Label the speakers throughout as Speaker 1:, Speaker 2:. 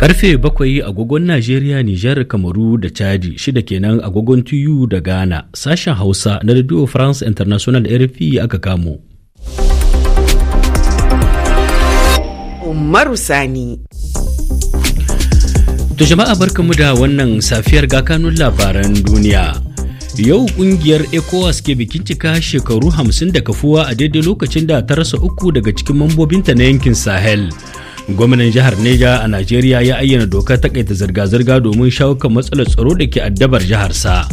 Speaker 1: Karfe bakwai agogon Najeriya, Nijar, Kamaru da Chadi shida kenan agogon Tuyu da Ghana sashen Hausa na Radio France International RFI aka kamo.
Speaker 2: Umaru Sani.
Speaker 1: To jama'a barkamu da wannan safiyar gakanun labaran duniya. Yau kungiyar ECOWAS ke bikin cika shekaru hamsin da kafuwa a daidai lokacin da ta rasa uku daga cikin mambobinta na yankin Sahel. gwamnan jihar neja a najeriya ya ayyana dokar takaita zirga-zirga domin shawo kan matsalar tsaro da ke addabar jiharsa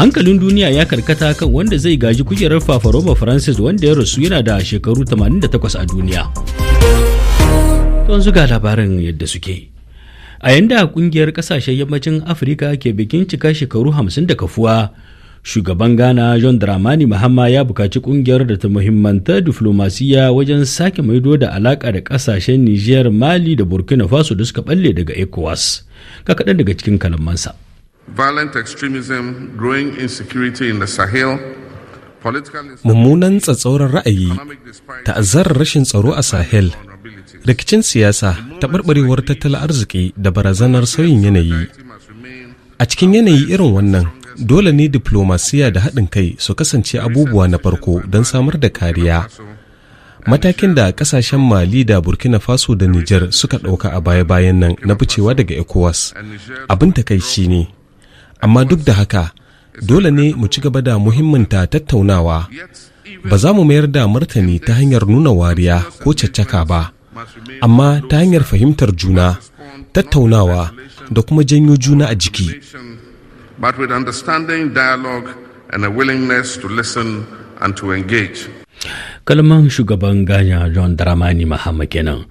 Speaker 1: hankalin duniya ya karkata kan wanda zai gaji kujerar fafaroma francis wanda ya rasu yana da shekaru 88 a duniya yanzu ga labarin yadda suke a yanda kungiyar kasashen yammacin afirka ke bikin cika shekaru 50 da kafuwa shugaban ghana john dramani mahama ya bukaci ƙungiyar da ta muhimmanta diflomasiya wajen sake maido da alaka da ƙasashen niger mali da burkina faso da suka balle daga ecowas
Speaker 3: ga kaɗan daga cikin kalamansa
Speaker 4: violent extremism growing insecurity in the sahel
Speaker 3: mummunan tsatsauran ra'ayi ta'azzarar rashin tsaro a sahel rikicin siyasa taɓarɓarewar tattalin arziki da barazanar sauyin yanayi a cikin yanayi irin wannan dole ne diplomasiya da haɗin kai su kasance abubuwa na farko don samar da kariya matakin da ƙasashen mali da burkina faso da niger suka ɗauka a baya-bayan nan na ficewa daga ecowas abin takaici ne amma duk da haka dole ne mu ci gaba da muhimminta tattaunawa ba za mu mayar da martani ta hanyar nuna wariya ko caccaka ba amma ta hanyar fahimtar juna tattaunawa da kuma janyo juna a jiki
Speaker 4: but with understanding, dialogue, and a willingness to listen and to engage.
Speaker 1: Kalman shugaban ganya John Dramani Mahama kenan.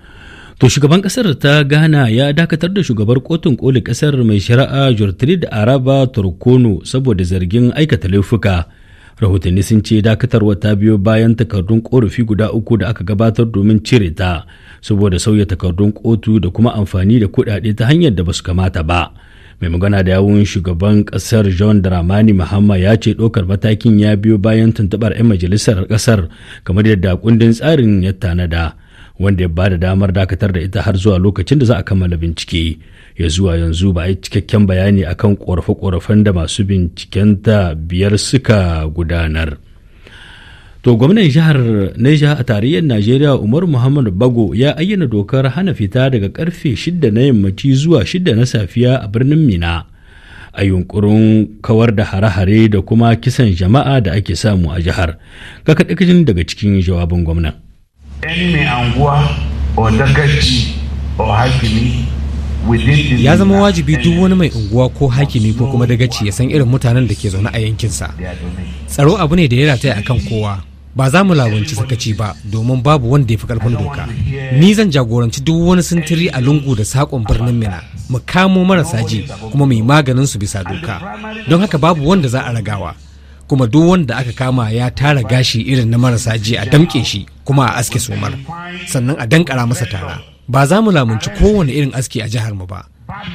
Speaker 1: To shugaban kasar ta gana ya dakatar da shugabar kotun koli kasar mai shari'a Jortrid Araba turkunu saboda zargin aikata laifuka. Rahotanni sun ce dakatarwa ta biyo bayan takardun korafi guda uku da aka gabatar domin cire ta saboda sauya takardun kotu da kuma amfani da kuɗaɗe ta hanyar da basu kamata ba. mai magana da yawun shugaban kasar john dramani mahama ya ce ɗaukar matakin ya biyo bayan tuntubar 'yan majalisar kasar kamar yadda kundin tsarin ya tanada wanda ya ba da damar dakatar da ita har zuwa lokacin da za a kammala bincike ya zuwa yanzu ba a yi cikakken bayani akan korafe-korafen da masu bincikenta biyar suka gudanar. To gwamnan jihar Neja a tarayyar Najeriya Umar Muhammad Bago ya ayyana dokar hana fita daga karfe 6 na yammaci zuwa 6 na safiya a birnin Mina. A yunkurin kawar da hare-hare da kuma kisan jama'a da ake samu a jihar. Ga daga cikin jawabin gwamnan.
Speaker 4: ya zama wajibi
Speaker 3: duk wani mai unguwa ko hakimi ko kuma dagaci ya san irin mutanen da ke zaune a yankinsa tsaro abu ne da ya rataya a kan kowa ba za mu lawanci sakaci ba domin babu wanda ya fi karfin doka ni zan jagoranci duk wani sintiri a lungu da sakon birnin mina mu kamo marasa ji kuma mai maganin su bisa doka don haka babu wanda za a ragawa kuma duk wanda aka kama ya tara gashi irin na marasa ji a damke shi kuma a aske somar sannan a danƙara masa tara ba za mu lamunci kowane irin aski a jihar mu ba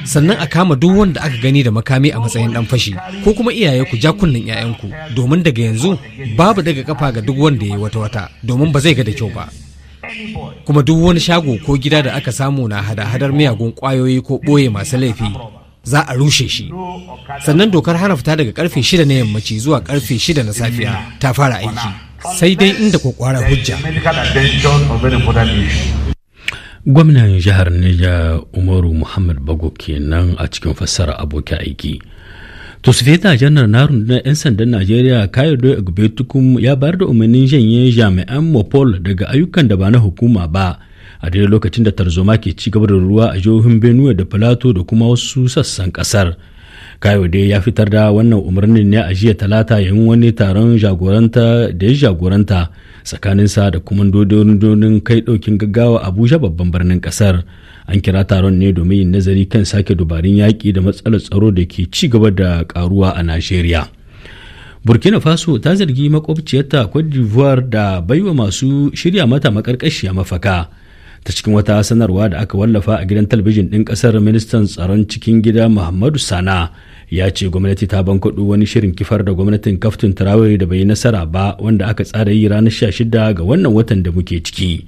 Speaker 3: sannan a kama duk wanda aka gani da makami a matsayin dan fashi ko kuma iyaye ku ja kunnen 'ya'yanku domin daga yanzu babu daga kafa ga duk wanda ya yi wata wata domin ba zai ga da kyau ba kuma duk wani shago ko gida da aka samu na hada-hadar miyagun kwayoyi ko ɓoye masu laifi za a rushe shi sannan dokar hana fita daga karfe 6 na yammaci zuwa karfe shida na safiya ta fara aiki sai dai inda ku kwara hujja
Speaker 1: gwamnan jihar Nija umaru muhammad bago kenan a cikin fassara aboki aiki to janar na rundunar 'yan sandan najeriya kayodo egbetukum ya bayar da umarnin janye jami'an mopol daga ayyukan da ba na hukuma ba a daidai lokacin da tarzoma ke ci gaba da ruwa a jihohin benue da plateau da kuma wasu sassan kasar kayode ya fitar da wannan umarnin ne a jiya talata yayin wani taron jagoranta da ya jagoranta sa da kuma dodonin kai ɗaukin gaggawa abuja babban birnin ƙasar an kira taron ne domin yin nazari kan sake dubarun yaƙi da matsalar tsaro da ke ci gaba da karuwa a najeriya burkina faso ta zargi makwabciyarta cote d'ivoire da baiwa masu shirya mata maƙarƙashiya mafaka ta cikin wata sanarwa da aka wallafa a gidan talabijin ɗin ƙasar ministan tsaron cikin gida muhammadu sana ya ce gwamnati ta bankaɗo wani shirin kifar da gwamnatin kaftin turawari da bai nasara ba wanda aka tsara yi ranar shida ga wannan watan da muke ciki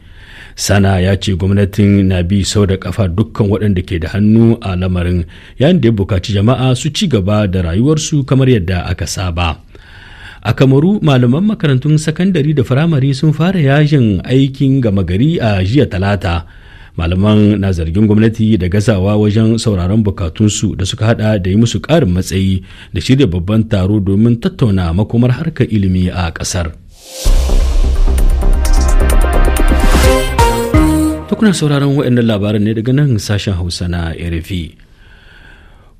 Speaker 1: sana ya ce gwamnatin na bi sau da kafa dukkan waɗanda ke da hannu a lamarin yayin da ya bukaci jama'a su ci gaba da rayuwarsu kamar yadda aka saba. a kamaru malaman makarantun sakandare da firamare sun fara yajin aikin gama gari a jiya talata malaman na zargin gwamnati da gazawa wajen sauraron bukatunsu da suka hada da yi musu karin matsayi da shirya babban taro domin tattauna makomar harkar ilimi a kasar Tukunan sauraron waɗannan labaran ne daga nan sashen hausa na rfi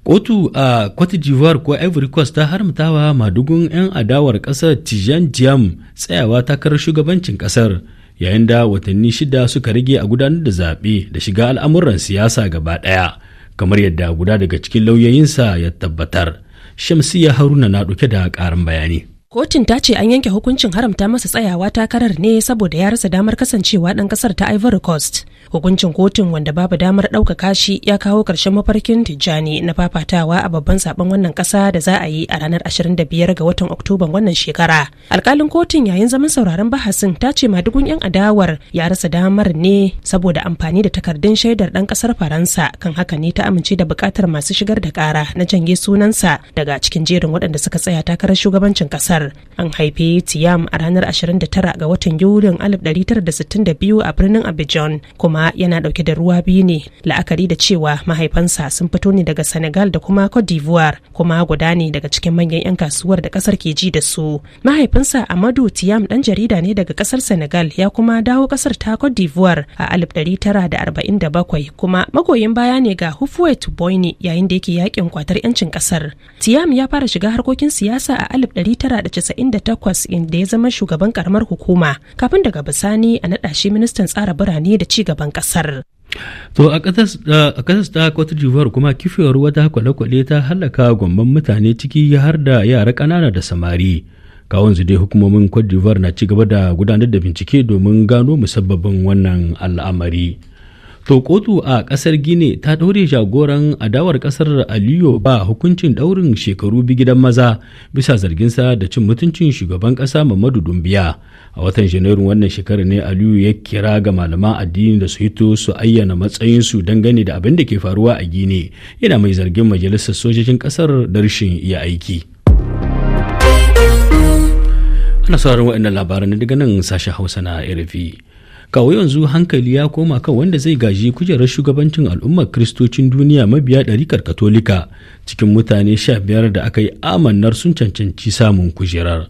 Speaker 1: Kotu a Cote d'Ivoire ko Ivory Coast ta haramtawa madugun 'yan adawar ƙasar Tijan Diam tsayawa takarar shugabancin ƙasar yayin da watanni shida suka rage a gudanar da zaɓe da shiga al'amuran siyasa gaba ɗaya kamar yadda guda daga cikin lauyoyinsa ya tabbatar. Shamsiya Haruna na ɗauke da ƙarin bayani.
Speaker 5: Kotun ta ce an yanke hukuncin haramta masa tsayawa takarar ne saboda ya rasa damar kasancewa ɗan ƙasar ta Ivory Coast. hukuncin kotun wanda babu damar ɗaukaka shi ya kawo ƙarshen mafarkin tijjani na fafatawa a babban zaben wannan ƙasa da za a yi a ranar 25 ga watan oktoban wannan shekara alkalin kotun yayin zaman sauraron bahasin ta ce madugun yan adawar ya rasa damar ne saboda amfani da takardun shaidar ɗan ƙasar faransa kan haka ne ta amince da buƙatar masu shigar da ƙara na janye sunansa daga cikin jerin waɗanda suka tsaya takarar shugabancin ƙasar an haife tiyam a ranar 29 ga watan yulin 1962 a birnin abidjan kuma kuma yana dauke da ruwa biyu ne la'akari da cewa mahaifansa sun fito ne daga Senegal da kuma Cote d'Ivoire kuma guda ne daga cikin manyan 'yan kasuwar da kasar ke ji da su. Mahaifinsa Amadu Tiam dan jarida ne daga kasar Senegal ya kuma dawo kasar ta Cote d'Ivoire a 1947 kuma magoyin baya ne ga Houphouet boyne yayin da yake yakin kwatar 'yancin kasar. Tiam ya fara shiga harkokin siyasa a 1998 inda ya zama shugaban karamar hukuma kafin daga bisani a naɗa shi ministan tsara birane da ci gaban shugaban kasar.
Speaker 1: To a ƙasar ta Cote d'Ivoire kuma kifiyar wata kwale-kwale ta halaka gwamban mutane ciki har da yara ƙanana da samari. kawun dai hukumomin Cote d'Ivoire na ci gaba da gudanar da bincike domin gano musabbabin wannan al'amari. To kotu a kasar Gine ta ɗaure jagoran adawar kasar Aliyu ba hukuncin ɗaurin shekaru bi gidan maza bisa zarginsa da cin mutuncin shugaban ƙasa Mamadu Dumbiya. A watan Janairun wannan shekarar ne Aliyu ya kira ga malaman addini da su hito su ayyana matsayinsu dangane da abin da ke faruwa a Gine yana mai zargin majalisar sojojin ƙasar da rashin iya aiki. ana sauraron waɗannan labaran daga nan sashen hausa na rfi kawo yanzu hankali ya koma kan wanda zai gaji kujerar shugabancin al'ummar kristocin duniya mabiya ɗarikar katolika cikin mutane sha biyar da aka yi amannar sun cancanci samun kujerar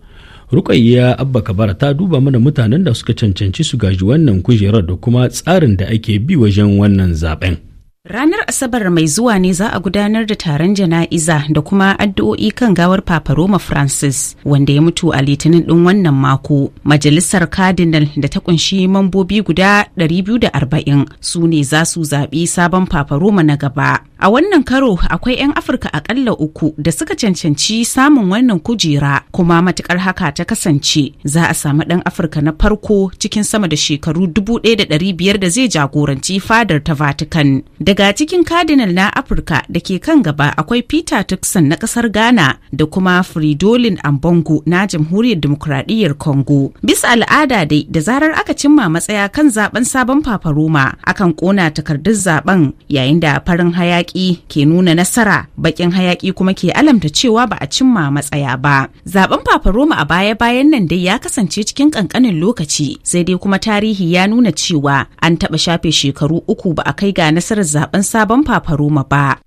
Speaker 1: rukayya abba kabara ta duba mana mutanen da suka cancanci su gaji wannan kujerar da kuma tsarin da ake bi wajen wannan zaben
Speaker 6: Ranar Asabar mai zuwa ne za a gudanar da taron jana'iza da kuma addu'o'i kan gawar Papa Roma Francis wanda ya mutu a litinin ɗin wannan mako. Majalisar Cardinal da ta kunshi mambobi guda 240 su ne za su zaɓi sabon Papa Roma na gaba. A wannan karo akwai 'yan Afirka akalla uku da suka cancanci samun wannan kujera kuma matukar haka ta kasance za a samu ɗan Afirka na farko cikin sama da shekaru 1,500 da zai jagoranci fadar ta Vatican. Daga cikin cardinal na Afirka da ke kan gaba akwai Peter tukson na kasar Ghana da kuma Fridolin Ambongo na Jamhuriyar Dimokuraɗiyyar Congo. Bisa al'ada dai da zarar aka cimma matsaya kan zaben sabon fafaroma akan kona takardun zaben yayin da farin hayaki ke nuna nasara bakin hayaki kuma ke alamta cewa ba a cimma matsaya ba. Zaben fafaroma a baya-bayan nan dai ya kasance cikin kankanin lokaci sai dai kuma tarihi ya nuna cewa an taɓa shafe shekaru uku ba a kai ga nasarar zaben sabon fafaroma ba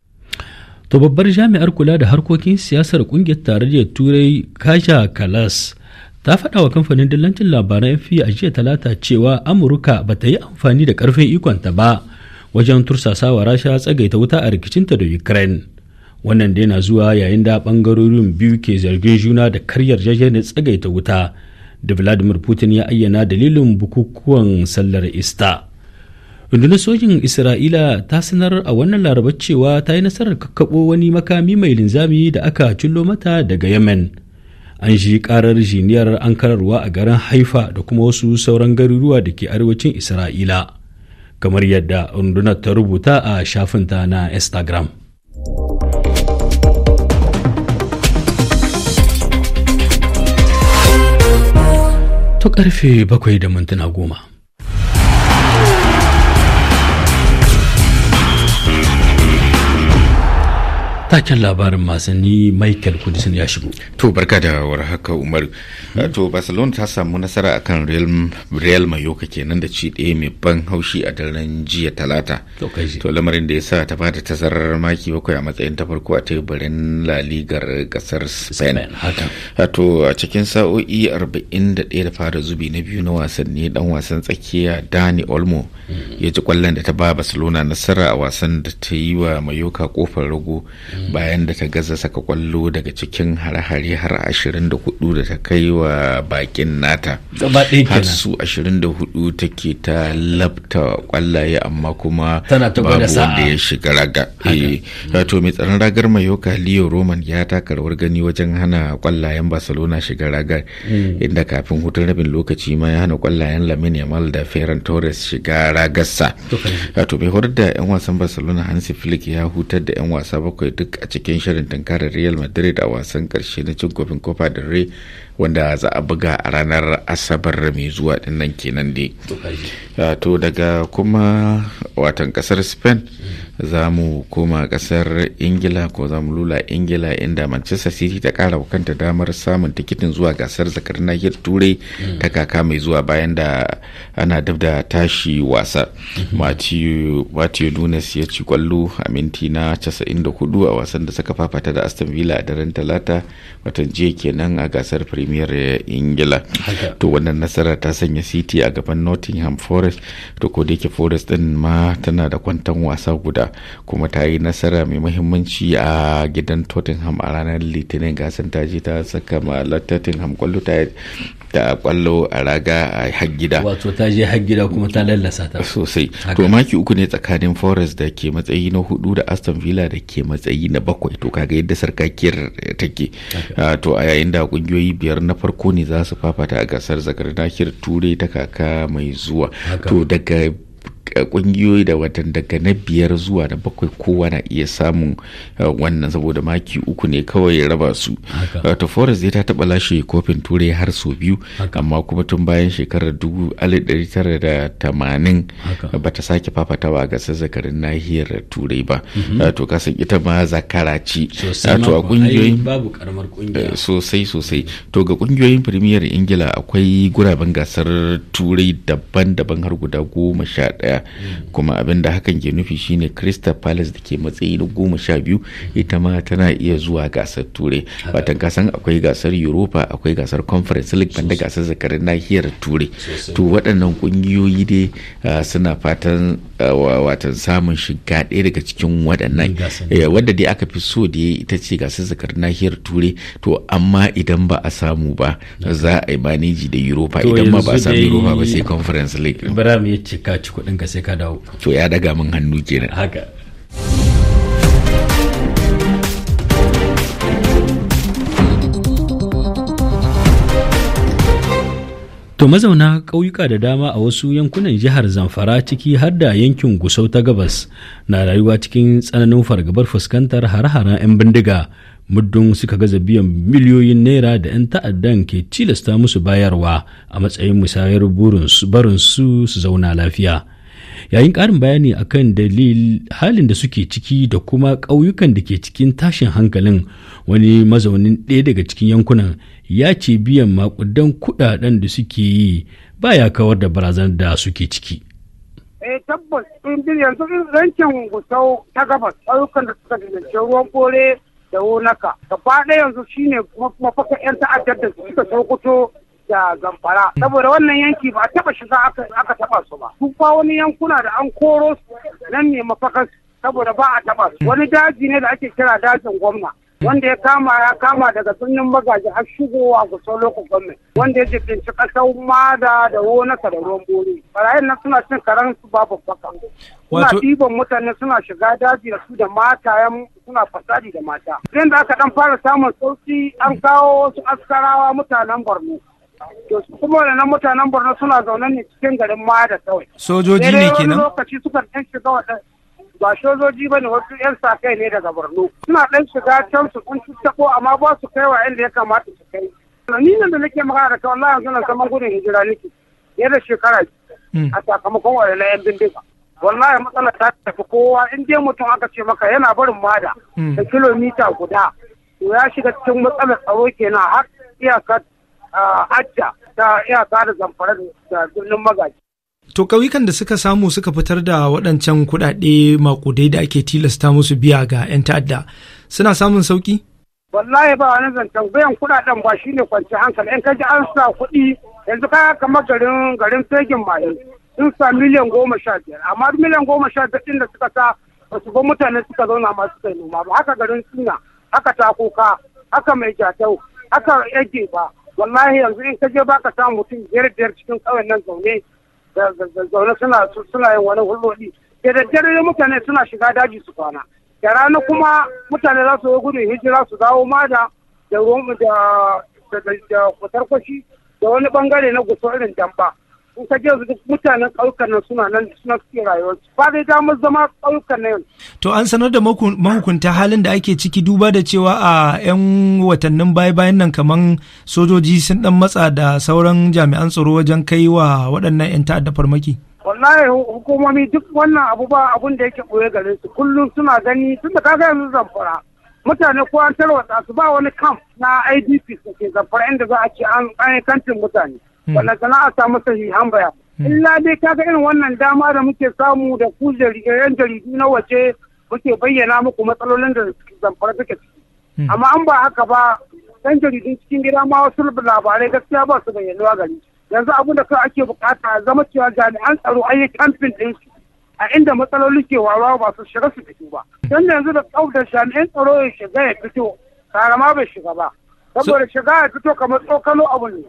Speaker 1: to babbar jami'ar kula da harkokin siyasar kungiyar tarayyar turai kasha kalas ta faɗa wa kamfanin dillancin labaran fi a jiya talata cewa amurka ba ta yi amfani da karfin ikonta ba wajen tursasa wa rasha tsagaita wuta a rikicinta da ukraine wannan da yana zuwa yayin da ɓangarorin biyu ke zargin juna da karyar jajen tsagaita wuta da vladimir putin ya ayyana dalilin bukukuwan sallar ista rundunar sojin isra'ila ta sanar a wannan larabar cewa ta yi nasarar kakkaɓo wani makami mai linzami da aka cillo mata daga yemen an shi karar jiniyar an kararwa a garin haifa da kuma wasu sauran garuruwa da ke arewacin isra'ila kamar yadda rundunar ta rubuta a shafinta na instagram ta karfe bakwai da mintuna goma taken labarin masani michael kudisin ya shigo
Speaker 4: to barka da warhaka umaru hmm. to barcelona ta samu nasara akan real mayoka kenan da ci ɗaya mai ban haushi a daren jiya talata to lamarin da ya sa ta bada tazarar maki bakwai a matsayin ta farko a teburin laligar kasar spain to a cikin sa'o'i 41 da fara zubi na biyu na wasanni dan wasan tsakiya dani olmo hmm. ya ji kwallon da ta ba barcelona nasara a wasan da ta yi wa mayoka kofar rago hmm. bayan da ta gaza saka kwallo daga cikin hare-hare har 24 da ta kai wa bakin nata har su 24 take ta labta kwallaye amma kuma babu wanda ya shiga raga eh, to mai tsaron ragar mayoka leo roman ya taka rawar gani wajen hana kwallayen barcelona shiga ragar hmm. inda kafin hutun rabin lokaci ma ya hana kwallayen lamin yamal da ferran torres shiga ragarsa to mai horar da 'yan wasan barcelona hansi flick ya hutar da 'yan wasa bakwai duk a cikin shirin tunkarar real madrid a wasan karshe na cin kofin copa del rey wanda za a buga a ranar asabar mai zuwa dinnan kenan ne ah, to daga kuma watan kasar spain za mu koma kasar ingila ko za mu lula ingila inda manchester city ta kara kanta damar samun tikitin zuwa gasar zakar nahiyar turai ta kaka mai zuwa bayan da ana dab da tashi wasa mhm. matthew nunes ya ci kwallo a minti na 94 a wasan da suka fafata da aston villa a daren talata watan jiya kenan a gasar premier premier ingila to wannan nasara ta sanya city a gaban nottingham forest to ko da yake forest din ma tana da kwantan wasa guda kuma ta yi nasara mai muhimmanci a gidan tottenham a ranar litinin gasar ta je ta saka ma tottenham kwallo ta ta kwallo a raga a haggida wato ta je haggida kuma ta lallasa ta sosai to maki uku ne tsakanin forest da ke matsayi na hudu da aston villa da ke matsayi na bakwai to kaga yadda sarkakiyar take ah, to a yayin da kungiyoyi biyar biyar na farko ne za su fafata a gasar zakar nakir turai ta kaka mai zuwa to daga kungiyoyi da watan daga na biyar zuwa da bakwai kowa na iya samun eh, wannan saboda maki uku ne kawai ya raba su eh, to forest ta taba lashe kofin turai har sau biyu amma kuma tun bayan shekarar dubu tara da tamanin bata sake fafatawa ga sassakarin nahiyar turai ba mhm. eh, to kasan ita ma zakara ce to a kungiyoyin babu karamar kungiya sosai sosai to ga kungiyoyin premier ingila akwai guraben gasar turai daban-daban har guda goma sha daya. kuma abin da hakan ke nufi shine crystal palace da ke matsayi na goma sha biyu ita ma tana iya zuwa gasar turai watan kasan akwai gasar europa akwai gasar conference league banda gasar zakarin nahiyar turai to waɗannan ƙungiyoyi dai suna fatan watan samun shiga ɗaya daga cikin waɗannan eh, wadda dai aka fi so da ita ce gasar zakarin nahiyar turai to amma idan ba a samu ba za a yi maneji da europa idan ma ba a samu europa ba sai conference league ka sai ka dawo to ya daga min hannu kenan haka
Speaker 1: To mazauna ƙauyuka da dama a wasu yankunan jihar Zamfara ciki har da yankin Gusau ta gabas na rayuwa cikin tsananin fargabar fuskantar har-haren 'yan bindiga muddin suka gaza biyan miliyoyin naira da 'yan ta'addan ke tilasta musu bayarwa a matsayin musayar barinsu su zauna lafiya. yayin karin bayani akan dalil halin da suke ciki da kuma ƙauyukan da ke cikin tashin hankalin wani mazaunin ɗaya daga cikin yankunan ya ce biyan makudan kuɗaɗen da suke yi baya kawar da barazan da suke ciki.
Speaker 2: eh tabbas in yanzu rancen gusau ta gabas ayyukan da suka dace ruwan kore da wonaka gaba ɗaya yanzu shine kuma mafaka yan ta'addar da suka sokoto da gamfara. saboda wannan yanki ba a taba shiga aka taba su ba duk ba wani yankuna da an koro su nan ne mafakar saboda ba a taba su wani daji ne da ake kira dajin gwamna wanda ya kama ya kama daga birnin magaji har shigowa ga lokacin gwamna wanda ya jibinci kasar mada da wonaka da ruwan bori barayin nan suna cin karan su ba babbaka suna ɗiban mutane suna shiga daji da su da yan suna fasadi da mata idan da aka dan fara samun sauki an kawo wasu askarawa mutanen borno to kuma wannan mutanen borno suna zaune ne cikin garin mada kawai sojoji ne kenan lokaci suka ɗan shiga waɗansu ba sojoji ba ne wasu 'yan sa kai ne daga borno suna ɗan shiga can su kun tattako amma ba su kai wa inda ya kamata su kai ni nan da nake magana da kawai yanzu na zaman gudun hijira nake fiye da shekara hmm. a sakamakon wa na 'yan bindiga wallahi matsala ta tafi kowa in dai mutum aka ce maka yana barin mada hmm. da kilomita guda to ya shiga cikin matsalar tsaro kenan har iyakar Ajja ta iyaka da zamfara da birnin magaji. To kauyukan da suka samu
Speaker 1: suka fitar da waɗancan kuɗaɗe makudai da ake tilasta musu biya ga 'yan ta'adda
Speaker 5: suna samun sauƙi?
Speaker 2: Wallahi ba wani zancen biyan kuɗaɗen ba shi ne kwanci hankali ‘yan kaji an sa kuɗi yanzu kaya kamar garin garin fegin maye sun sa miliyan goma sha biyar amma miliyan goma sha biyar ɗin da suka sa ba su mutane suka zauna masu kai noma ba haka garin suna haka takoka haka mai jatau haka yage ba wallahi yanzu in ka je baka samu mutum biyar biyar cikin kawai nan zaune zaune suna suna yin wani hulɗoɗi da daddare mutane suna shiga daji su kwana da rana kuma mutane za su yi gudun hijira su dawo ma da da kwatarkwashi da wani bangare na guso irin damba in ka je mutanen ƙauyukan nan suna nan suna suke su. ba zai damar zama ƙauyukan nan
Speaker 5: to an sanar da mahukunta halin da
Speaker 3: ake ciki duba da cewa a 'yan watannin baya bayan nan kaman sojoji sun dan
Speaker 1: matsa da sauran jami'an tsaro wajen kai wa waɗannan 'yan ta'adda farmaki
Speaker 2: wallahi hukumomi duk wannan abu ba abun da yake ɓoye garin su kullum suna gani tun da kaga yanzu zamfara mutane ko an tarwatsa su ba wani kam na idp su ke zamfara inda za a ce an kantin mutane Hmm. wallantana a samu sahihan baya. Hmm. illa dai kaga irin wannan dama da muke samu da ku yan jaridu na waje muke bayyana muku matsalolin da zamfara suke ciki hmm. amma an ba haka ba ɗan jaridun cikin gida ma wasu labarai gaskiya ba su bayyanuwa gari yanzu abin da kai ake bukata zama cewa jami'an tsaro an yi kamfin din su a inda matsaloli ke wawa ba su shiga su fito ba don yanzu da tsau da jami'an tsaro ya shiga ya fito karama bai shiga ba saboda shiga ya fito kamar tsokano abu ne